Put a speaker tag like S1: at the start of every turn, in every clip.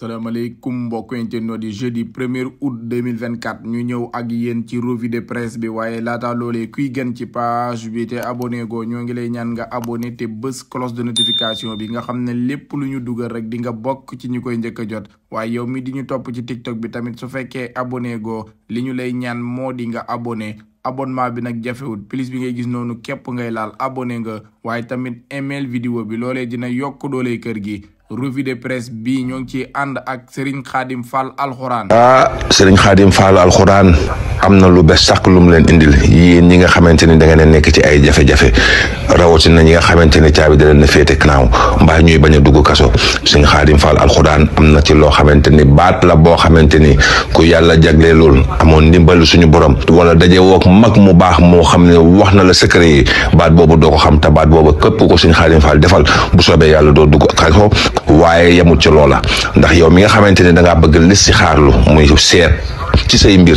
S1: salaamaaleykum mbokk internautes di jeudi premier août 2024 ñu ñëw ak yéen ci revue de presse bi waaye laata loolee kuy gën ci page bi te abonné go ñoo ngi lay ñaan nga abonné te bés cloche de notification bi nga xam ne lépp lu ñu dugal rek di nga bokk ci ñu koy njëkk a jot waaye yow mi di ñu topp ci tiktok bi tamit su fekkee abonné go li ñu lay ñaan moo di nga abonné abonnement bi nag jafewut plus bi ngay gis noonu képp ngay laal abonné nga waaye tamit email vidéo bi loolee dina yokk kër gi. revue de presse bi ñoo ngi ci ànd ak Serigne Khadim Fall alxuraan.
S2: ah Serigne Khadim Fall alxuraan. am na lu be sàkk lu leen indil yéen ñi nga xamante ni da leen nekk ci ay jafe-jafe rawatina ñi nga xamante ni caabi da leen na féete kanaaw mbaa ñuy bañ a dugg kaso suñ xaadim faal alxuraan am na ci loo xamante ni baat la boo xamante ni ku yàlla jaglee amoon ndimbalu suñu borom wala daje wook mag mu baax moo xam ne wax na la secret baat boobu doo xam te baat boobu képp ko suñ xaadim faal defal bu soobee yàlla doo dugg kaso waaye yemul ci loola ndax yow mi nga xamante ni da ngaa bëgg listixaarlu muy seet ci say mbir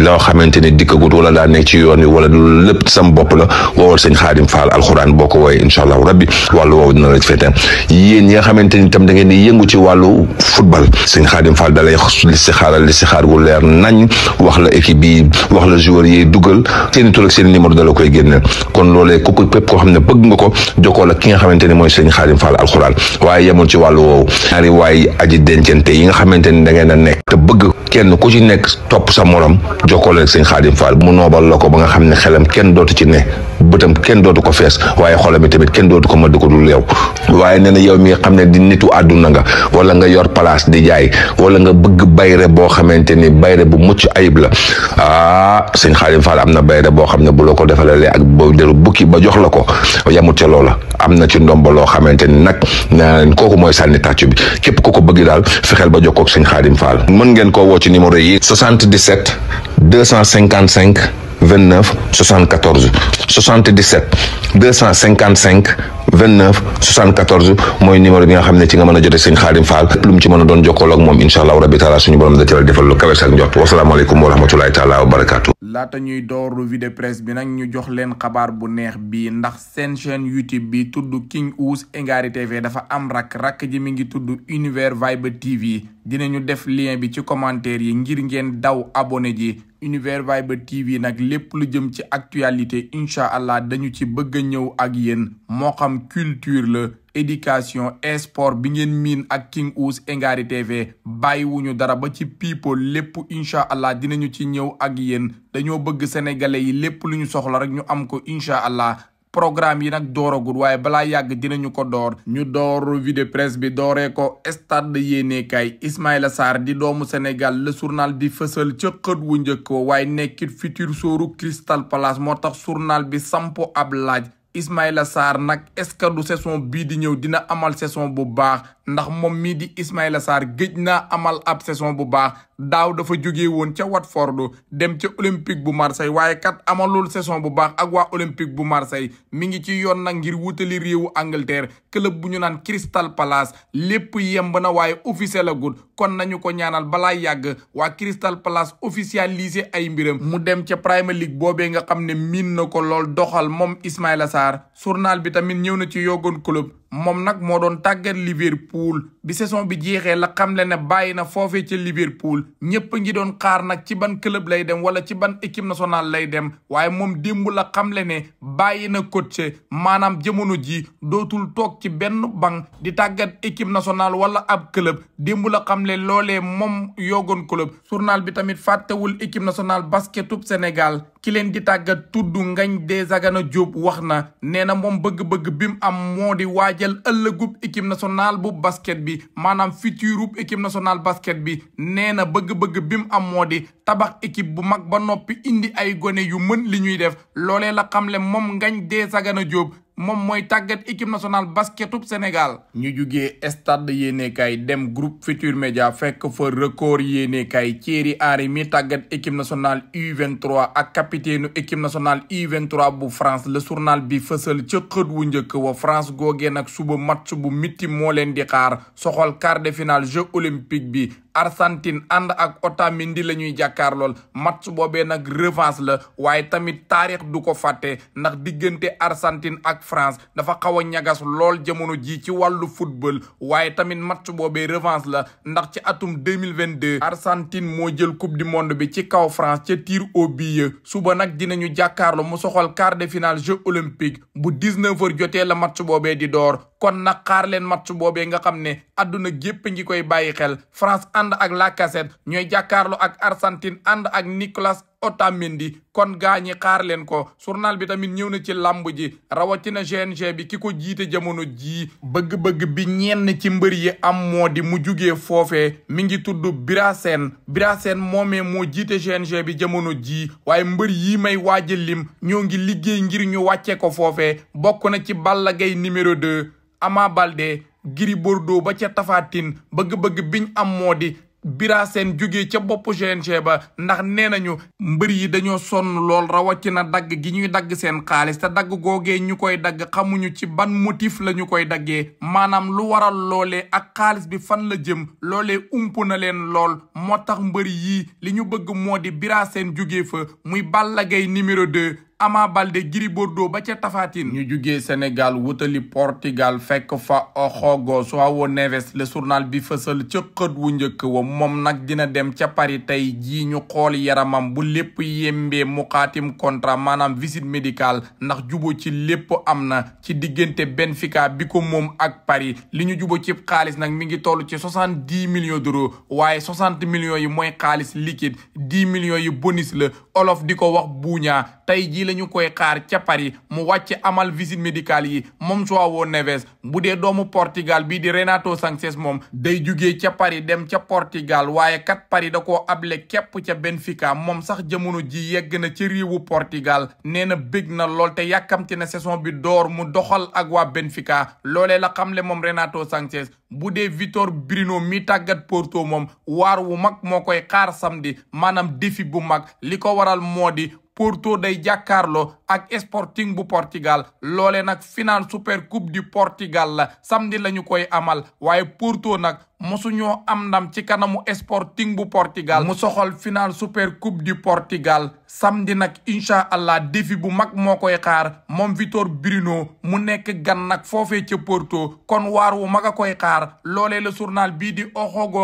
S2: loo xamante ne dikkagut wala daa nekk ci yoon wi wala loolu lépp sam bopp la woowal sëñ Xaadim Faal alxuraan boo ko wooyee incha allahu rabbi wàllu woowu dina la fete yéen nga xamante ni tam da ngeen di yëngu ci wàllu football sëñ Xaadim Faal dalay li si xaaral li si xaar gu leer nañ wax la équipe bi wax la joueur yi dugal seen tur ak seen numéro koy génneel kon loolee ku ko koo xam ne bëgg ko jokkoo la ki nga xamante ne mooy sëñ Xaadim Faal alxuraan waaye yemul ci wàllu woowu ñaari waay aji dencante yi nga xamante ni da ngeen a nekk te bëgg kenn ku ci nekk topp sa morom jokkoo ak sëñ Xaadim Fall mu noobal la ko ba nga xam ne xelam kenn dootu ci ne bëtam kenn dootu ko fees waaye xolam tamit kenn dootu ko ma ko dul yow waaye nee na yow mi xam ne di nitu àdduna nga wala nga yor place di jaay wala nga bëgg bayre boo xamante ni bayre bu mucc ayib la ah sëñ Xaadim Fall am na bayre boo xam ne bu la ko defalee lee ak boo deru bukki ba jox la ko yamut ca loola am na ci ndomba loo xamante ni nag na leen kooku mooy sànni tàccu bi képp ku ko bëgg daal fexeel ba jox ak sëñ Xaadim Fall mën ngeen koo woo ci numéro yi 77 255 29 74 77 255 29 74 mooy numéro bi nga xam ne ci nga mën a jote sëñ Xaadim Fall lu mu ci mën a doon jokkoo ak moom incha allah rabi taala suñu borom da ci la defal lu kawe sax njort wasalaamaaleykum wa rahmatulahi taala wa barakaatu.
S1: laata ñuy door revue de presse bi nag ñu jox leen xabaar bu neex bi ndax seen chaîne YouTube bi tudd King Ouse Ngary TV dafa am rak rak ji mi ngi tudd Univers Vibe TV dinañu def lien bi ci commentaire yi ngir ngeen daw abonné ji. univers Vibe TV nag lépp lu jëm ci actualité incha allah dañu ci bëgg ñëw ak yéen moo xam culture la éducation esport bi ngeen miin ak King Ouse Ngary TV bàyyiwuñu dara ba ci people lépp incha allah dinañu ci ñëw ak yéen dañoo bëgg sénégalais yi lépp lu ñu soxla rek ñu am ko incha allah. programme yi nag dooragul waaye balaa yàgg dinañu ko door ñu door revue de bi dooree ko stade yéenekaay Ismaïla Sarr di doomu Sénégal le journal di fësal cë xët wu njëkk waaye nekkit futur sóoru Crystal Palace moo tax journal bi sampo ab laaj Ismaïla Sarr nag est-ce que du saison bii di ñëw dina amal saison bu baax ndax moom mii di Ismaïla Sarr géej naa amal ab saison bu baax daaw dafa jógee woon ca Watford dem ca Olympique bu Marseille waaye kat amalul saison bu baax ak waa Olympique bu Marseille mi ngi ci yoon nag ngir wutali réewu Angleterre club bu ñu naan Crystal Palace lépp yemb na waaye officiel la gud kon nañu ko ñaanal balaa yàgg waa Crystal Palace officialisé ay mbiram mu dem ca Premier League nga xam ne miin na ko lool doxal moom Ismaïla Sarr Sarr journal bi tamit ñëw na ci yogoon club moom nag moo doon tàggat Liverpool bi saison bi jeexee la xamle ne bàyyi na foofee ca Liverpool ñëpp ngi doon xaar nag ci ban club lay dem wala ci ban équipe national lay dem waaye moom démb la xamle ne bàyyi na coach maanaam jamono ji dootul toog ci benn banc di tàggat équipe national wala ab club démb la xamle loolee moom yoogoon club journal bi tamit fàttewul équipe nationale basketu Sénégal ki leen di tàggat tudd Ngagne Desagana Diop wax na nee na moom bëgg-bëgg bi mu am di waaj waajal ëllëgub équipe nationale bu basket bi maanaam futurub équipe national basket bi nee na bëgg-bëgg bi mu am moo di tabax équipe bu mag ba noppi indi ay gone yu mën li ñuy def loolee la xamle moom Ngagne Desagana Diop moom mooy tàggat équipe nationale basketub Sénégal. ñu jugee stade yéenekaay dem groupe Futur Média fekk fa record yéenekaay Thierry Henry mi tàggat équipe nationale U23 ak capitaine équipe nationale U23 bu France le journal bi fësal ca xët wu njëkk wa France googee nag suba match bu mitti moo leen di xaar soxol quart de finale Jeux olympiques bi Argentine ànd ak Otamendi la ñuy jàkkaar lool match boobee nag revanche la waaye tamit taarix du ko fàtte ndax diggante Argentine ak France dafa xaw a ñagas lool jamono ji ci wàllu football waaye tamit match boobee revanche la ndax ci atum 2022 Argentine moo jël coupe du monde bi ci kaw France ca tiir au but suba nag dinañu jàkkaarloo mu soxal quart de finale jeux olympique bu 19 heures jotee la match boobee di door kon nag xaar leen match boobee nga xam ne adduna gépp ngi koy bàyyi xel France ànd ak Lacazette ñooy jàkkaarloo ak Argentine ànd ak Nicolas Otamendi kon gaañi xaar ko journal bi tamit ñëw na ci làmb ji rawatina GNG bi ki ko jiite jamono jii bëgg-bëgg bi ñenn ci mbër yi am moo di mu jugee foofee mi ngi tudd Birasen Birasen moomee moo jiite GNG bi jamono jii waaye mbër yi may waaja lim ñoo ngi liggéey ngir ñu wàcce ko foofee bokk na ci Balla Gaye numéro de Ama balde Gris Bordeaux ba ca Tapha bëgg-bëgg biñ am moo di Bira seen jógee ca boppu GNG ba ndax nee nañu mbër yi dañoo sonn lool rawatina dagg gi ñuy dagg seen xaalis te dagg googee ñu koy dagg xamuñu ci ban motif la ñu koy daggee maanaam lu waral loole ak xaalis bi fan la jëm loole ump na leen lool moo tax mbër yi li ñu bëgg moo di Bira seen jógee fa muy Balla Gaye numéro 2 Ama Baldé Gris Bordeaux ba ca Tafatine ñu jugee Sénégal wutali Portugal fekk fa Oxogo João Neves le journal bi fësal ca xët wu njëkk wa moom nag dina dem ca Paris tey jii ñu xool yaramam bu lépp yembee mu xaatim contrat maanaam visite médical ndax jubo ci lépp am na ci diggante Benfica bi ko moom ak Paris li ñu jubo ci xaalis nag mi ngi toll ci soixante dix millions d'euros waaye soixante millions yi mooy xaalis liquide dix millions yi bonus la olof di ko wax buuñaa tey jii la ñu koy xaar ca Paris mu wàcc amal visite médicale yi moom João Neves bu dee doomu Portugal bii di Renato Sanches moom day juge ca Paris dem ca Portugal waaye kat Paris da ko able képp ca Benfica moom sax jamono ji yegg na ci réewu Portugal nee na bég na lool te yàkkamti na saison bi door mu doxal ak waa Benfica loolee la xamle moom Renato Sanches bu dee Vitor Bruno mi tàggat Porto moom waar wu mag moo koy sam samedi maanaam défi bu mag li ko waral moo di Porto day jàkkaarloo ak Sporting bu Portugal loole nag final super coupe du Portugal la samedi la koy amal waaye Porto nag mosuñoo am ndam ci kanamu Sporting bu Portugal mu soxal final super coupe du Portugal samedi nag incha allah défi bu mag moo koy xaar moom Vitor Bruno mu nekk gan nag foofee ci Porto kon waar wu mag a koy xaar loolee la surnal bii di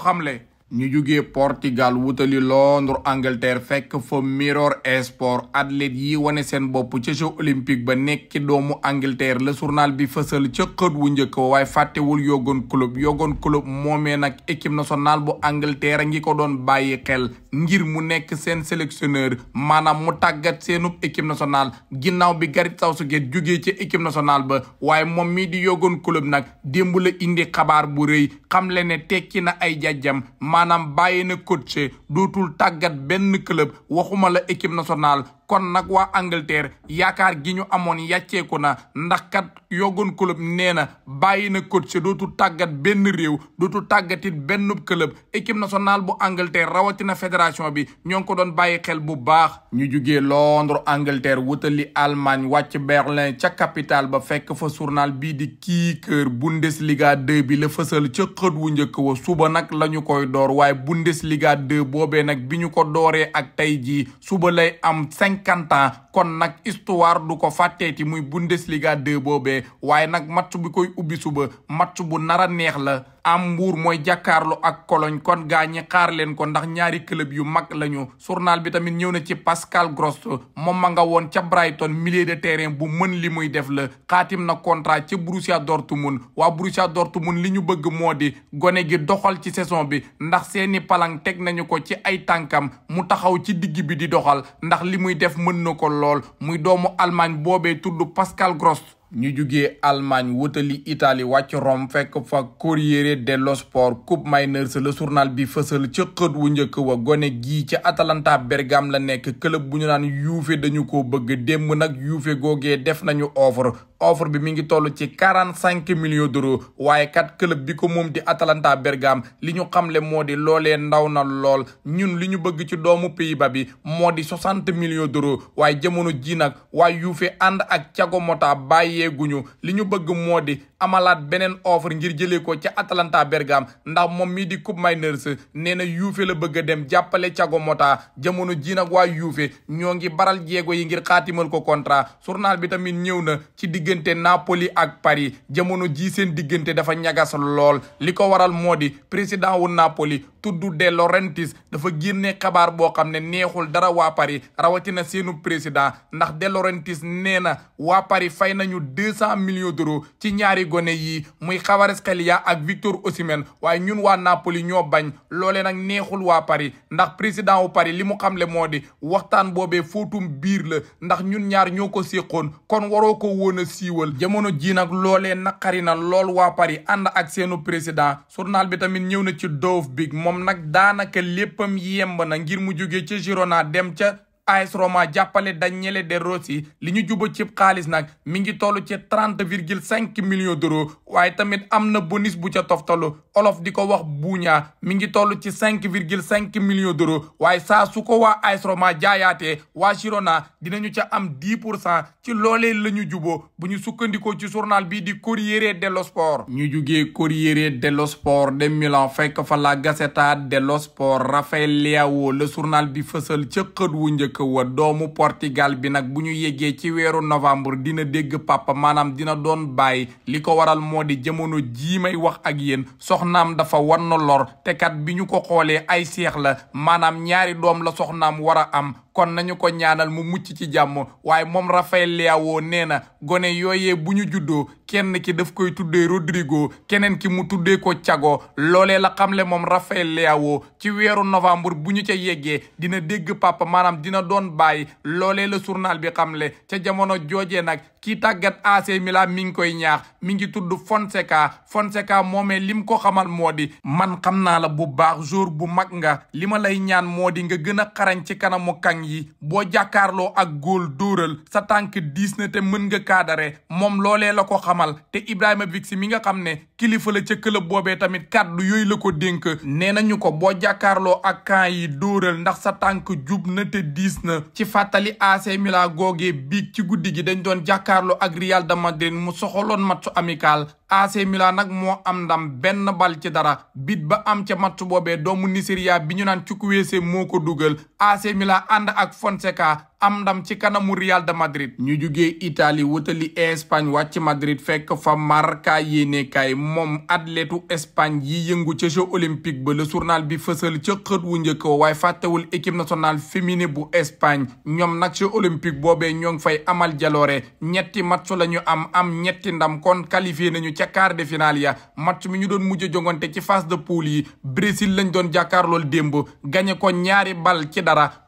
S1: xam le ñu jugee Portugal wutali Londres Angleterre fekk fa Mirror Sport athlète yi wane seen bopp ca jeux olympique ba nekki doomu Angleterre la journal bi fësal ca xët wu njëkk waaye fàttewul yogoon club yogoon club moomee nag équipe national bu Angleterre ngi ko doon bàyyi xel ngir mu nekk seen sélectionneur maanaam mu tàggat seenub équipe national ginnaw bi Gareth Southgate jugee ci équipe national ba waaye moom mii di yogoon club nag démb indi xabaar bu rëy xamle ne tekki na ay jajjam. maanaam bàyyi na coach dootul tàggat benn club waxuma la équipe nationale kon nag waa Angleterre yaakaar gi ñu amoon yàcceeku na ndax kat yogoon club nee na bàyyi na coach dootul tàggat benn réew dootul tàggatit benn club équipe nationale bu Angleterre rawatina fédération bi ñoo ngi ko doon bàyyi xel bu baax. ñu jugee Londres Angleterre wutali Allemagne wàcc Berlin ca capitale ba fekk fa journal bii di Kicker Bundesliga 2 bi la fësal ca xët wu njëkk wa suba nag la ñu koy door. door waaye Bundesliga 2 boobee nag bi ñu ko dooree ak tey jii suba lay am cinquante ans kon nag histoire du ko fàtteeti muy Bundesliga 2 boobee waaye nag match bi koy ubbi suba match bu nara neex la am mbuur mooy jàkkaarloo ak Cologne kon gaa ñi xaar leen ko ndax ñaari club yu mag lañu journal bi tamit ñëw na ci Pascal Gross moom ma nga woon ca Brighton milieu de terrain bu mën li muy def la xaatim na contrat ci Borussia Dortmund waa Borussia Dortmund li ñu bëgg moo di gone gi doxal ci saison bi ndax seeni palang teg nañu ko ci ay tànkam mu taxaw ci digg bi di doxal ndax li muy def mën na ko lool muy doomu Allemagne boobee tudd Pascal Gross ñu jugee Allemagne wutali Italie wàcc Rome fekk fa Corriere dello Sport mayneur sa le journal bi fësal ca xët wu njëkk wa gone gi ca Atalanta Bergame la nekk club bu ñu naan Juve dañu ko bëgg démb nag Juve googee def nañu offre offre bi mi ngi toll ci quarante cinq millions d'euros waaye kat club bi ko moom di Atalanta Bergame li ñu le moo di loolee ndaw na lool ñun li ñu bëgg ci doomu Pays-Bas bi moo di soixante millions d'euros waaye jamono ji nag waaye yuufe ànd ak Thiago Motta bàyyeeguñu li ñu bëgg moo di amalaat beneen offre ngir jëlee ko ca Atalanta Bergame ndax moom mii di Coupe Mainers nee na Juve la bëgg a dem jàppale Thiago Motta jamono ji nag waa Juve ñoo ngi baral jéego yi ngir xaatimal ko contrat journal bi tamit ñëw na diggante Napoli ak Paris jamono ji seen diggante dafa ñagas lool li ko waral moo di président wu Napoli tudd De Laurentiis dafa génne xabaar boo xam ne neexul dara waa Paris rawatina seenu président ndax De Laurentiis nee na waa Paris fay nañu deux cent millions d'euros ci ñaari gone yi muy Kvaratskhelia ak Victor Osimhen waaye ñun waa Napoli ñoo bañ loole nag neexul waa Paris ndax président wu Paris li mu le moo di waxtaan boobee fóotum biir la ndax ñun ñaar ñoo ko séqoon siiwal jamono ji nag loolee naqari na lool waa Paris ànd ak seenu président journal bi tamit ñëw na ci doof bi moom nag daanaka léppam yemb na ngir mu jógee ca Girona dem ca AS Roma jàppale Daniele De Rossi li ñu juba cib xaalis nag mi ngi toll ci trente virgule cinq millions d'euros waaye tamit am na bonus bu ca toftalu olof di ko wax buñaa mi ngi toll ci cinq virgule cinq million d'euros waaye sa su ko waa AS Roma jaayaatee waa Girona dinañu ca am dix pour cent ci loole la ñu juboo bu ñu sukkandikoo ci surnal bii di Corriere dello Sport ñu jugee Corriere dello Sport de Milan fekk fa la Gazzetta dello Sport Raffaele Leao le journal bi fësal ca xët wu njëkk dëkk wa doomu Portugal bi nag bu ñu yeggee ci weeru novembre dina dégg papa maanaam dina doon bàyyi li ko waral moo di jamono jiimay wax ak yéen soxnaam dafa wan na lor te kat bi ñu ko xoolee ay seex la maanaam ñaari doom la soxnaam war a am kon nañu ko ñaanal mu mucc ci jàmm waaye moom Rafael Leao nee na gone yooyee bu ñu juddoo kenn ki def koy tuddee Rodrigo keneen ki mu tuddee ko Thiago loole la xam le moom Rafael Leao ci weeru novembre bu ñu ca yeggee dina dégg pappa maanaam dina doon bàyyi loolee la journal bi xamle ca jamono joojee nag kii tàggat AC Milan mi ngi koy ñaax mi ngi tudd Fonseca Fonseca moomee lim ko xamal moo di man xam naa la bu baax jour bu mag nga li ma lay ñaan moo di nga gën a xarañ ci kanamu kang yi boo jàkkaarloo ak góol dóoral sa tànk diis na te mën nga kaadare moom loolee la ko xam xamal te Ibrahima Vigsi mi nga xam ne kilifa la ca club boobee tamit kàddu yooyu la ko dénk nee nañu ko boo jàkkaarloo ak camp yi dóoral ndax sa tànk jub na te diis na ci fàttali AC Milan googee biig ci guddi gi dañ doon jàkkaarloo ak Real de Madrid mu soxoloon match amical AC nag moo am dam benn bal ci dara bit ba am ca match boobee doomu Nigeria bi ñu naan Chukwueze moo ko dugal AC Milan ànd ak Fonseca am ndam ci kanamu Real de Madrid ñu jugee Italie wutali Espagne wàcc Madrid fekk fa Marca yéenekaay moom atletu Espagne yi yëngu ca jeu olympique ba le journal bi fësal ca xët wu njëkk waaye fàttewul équipe nationale féminine bu Espagne ñoom nag jeu olympique boobee ñoo ngi fay amal jaloore ñetti match la ñu am am ñetti ndam kon qualifié nañu ca quart de finale ya match mi ñu doon mujj jongante ci phase de poule yi Brésil lañ doon jàkkaarlool démb gagné ko ñaari bal ci dara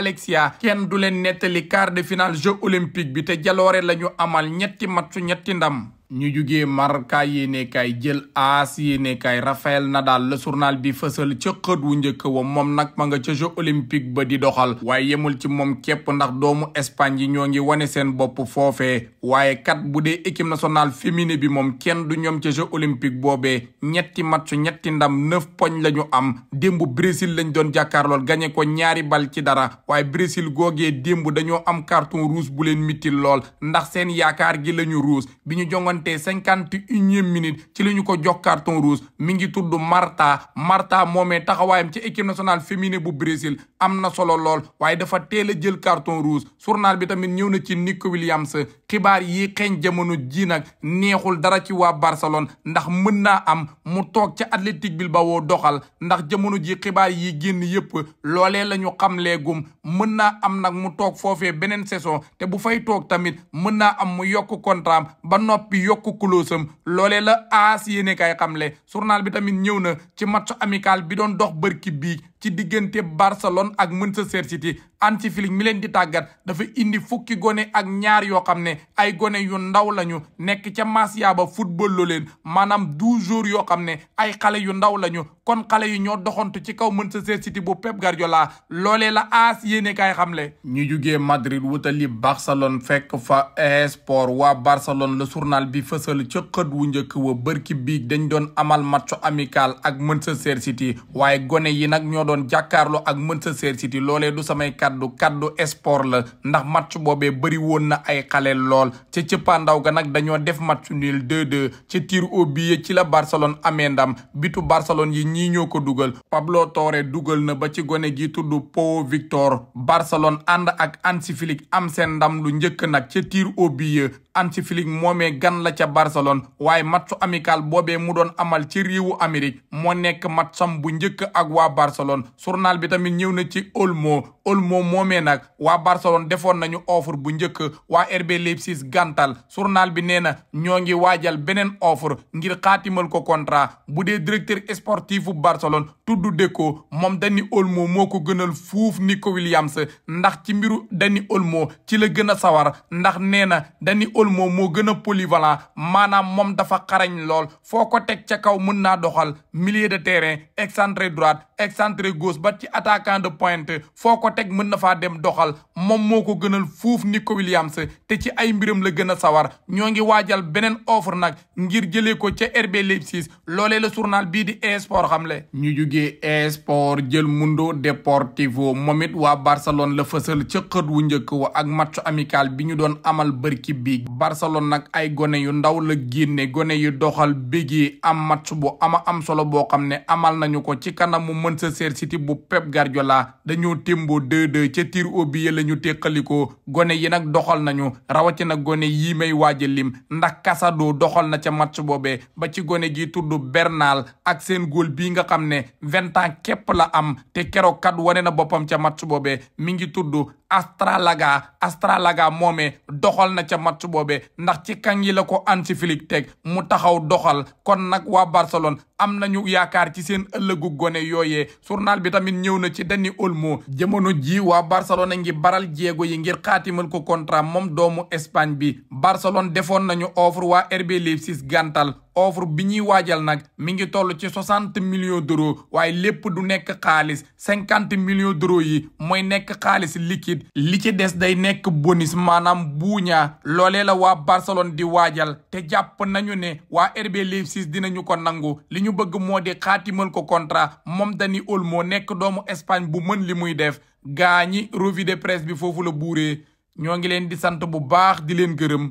S1: Alexia kenn du leen nettali quart de finale jeux olympique bi te jaloore la ñu amal ñetti match ñetti ndam ñu jugee Marca yéenekaay jël AS yéenekaay Rafael Nadal le journal bi fësal ca xët wu njëkk wa moom nag ma nga ca jeux olympique ba di doxal waaye yemul ci moom képp ndax doomu Espagne yi ñoo ngi wane seen bopp foofee waaye kat bu dee équipe nationale féminine bi moom kenn du ñoom ca jeux olympique boobee ñetti match ñetti ndam neuf poñ la ñu am démb Brésil lañ doon jàkkaarlool gagné ko ñaari bal ci dara waaye Brésil googee démb dañoo am carton rouge bu leen mitil lool ndax seen yaakaar gi la ñu rouge soixante cinquante unième minute ci la ñu ko jox carton rouge mi ngi tudd Marta Marta moomee taxawaayam ci équipe nationale féminine bu Brésil am na solo lool waaye dafa teel a jël carton rouge journal bi tamit ñëw na ci Nico Williams xibaar yi xeeñ jamono ji nag neexul dara ci waa Barcelone ndax mën naa am mu toog ca Athletic Bilbao doxal ndax jamono ji xibaar yi génn yépp loole la ñu xamleegum mën naa am nag mu toog foofee beneen saison te bu fay toog tamit mën naa yokku kuloosam loolee la aas yéene kay xamle journal bi tamit ñëw na ci match amical bi doon dox bërki bii ci diggante Barcelone ak mën Manchester City Hansi Flick mi leen di tàggat dafa indi fukki gone ak ñaar yoo xam ne ay gone yu ndaw lañu nekk ca Masia ba football loo leen maanaam douze jours yoo xam ne ay xale yu ndaw lañu kon xale yu ñoo doxantu ci kaw mën Manchester City bo Pep gar loolee la la AS yéene kaay xamle. ñu jugee Madrid wutali Barcelone fekk fa sport waa Barcelone le journal bi fësal ca xët wu njëkk wa bërki bi dañ doon amal match amical ak mën City yi doon jàkkaarloo ak Manchester City loolee du samay kaddu kaddu sport la ndax match boobee bëri woon na ay xale lool ca cëppaandaw ga nag dañoo def match nul 2-2 ci tir au ci la Barcelone amee ndam bitu Barcelone yi ñii ñoo ko dugal Pablo Torre dugal na ba ci gone gi tudd Pau Victor Barcelone ànd ak Hansi Flick am seen ndam lu njëkk nag ca tir au but Hansi Flick moomee gan la ca Barcelone waaye match amical boobee mu doon amal ci réewu Amérique moo nekk matcham bu journal bi tamit ñëw na ci Olmo Olmo moomee nag waa Barcelone defoon nañu offre bu njëkk waa RB Leipzig gàntal journal bi nee na ñoo ngi waajal beneen offre ngir xaatimal ko contrat bu dee directeur sportif bu Barcelone tudd Deco moom Dani Olmo moo ko gënal fuuf Nico Williams ndax ci mbiru Dani Olmo ci la gën a sawar ndax nee na Dani Olmo moo gën a polyvalent maanaam moom dafa xarañ lool foo ko teg ca kaw mën naa doxal milieu de terrain excentré droite excentré gauche ba ci attaquant de pointe teg mën na faa dem doxal moom moo ko gënal fuuf Nico Williams te ci ay mbiram la gën a sawar ñoo ngi waajal beneen offre nag ngir jëlee ko ca RB Leipzig loolee la journal bii di xam xamle. ñu jugee esport jël Mundo Deportivo moom it waa Barcelone la fësal ca wu njëkk wa ak match amical bi ñu doon amal bërki bi Barcelone nag ay gone yu ndaw la génne gone yu doxal bégee am match bu ama am solo boo xam ne amal nañu ko ci kanamu Manchester City bu Pep Guardiola ko 2 ca tir au but la ñu téqalikoo gone yi nag doxal nañu rawatina gone yii may waaja lim ndax kasado doxal na ca match boobee ba ci gone gi tudd Bernal ak seen góol bii nga xam ne vingt ans képp la am te keroog kat wane na boppam ca match boobee mi ngi tudd Astralaga Astralaga moomee doxal na ca match boobe ndax ci kan yi la ko Hansi Flick teg mu taxaw doxal kon nag waa Barcelone am nañu yaakaar ci seen ëllëgu gone yooyee journal bi tamit ñëw na ci Dani Olmo jamono jamono ji waa barcelone ngi baral jéego yi ngir xaatimal ko contrat moom doomu espagne bi barcelone defoon nañu offre waa RB Leipzig gàntal offre bi ñuy waajal nag mi ngi toll ci soixante millions d'euros waaye lépp du nekk xaalis cinquante millions d'euros yi mooy nekk xaalis liquide li ci des day nekk bonus maanaam buuñaa loolee la waa Barcelone di waajal te jàpp nañu ne waa RB Leipzig dinañu ko nangu li ñu bëgg moo di xaatimal ko contrat moom Dani Olmo nekk doomu Espagne bu mën li muy def gaa ñi revue de presse bi foofu la buuree ñoo ngi leen di sant bu baax di leen gërëm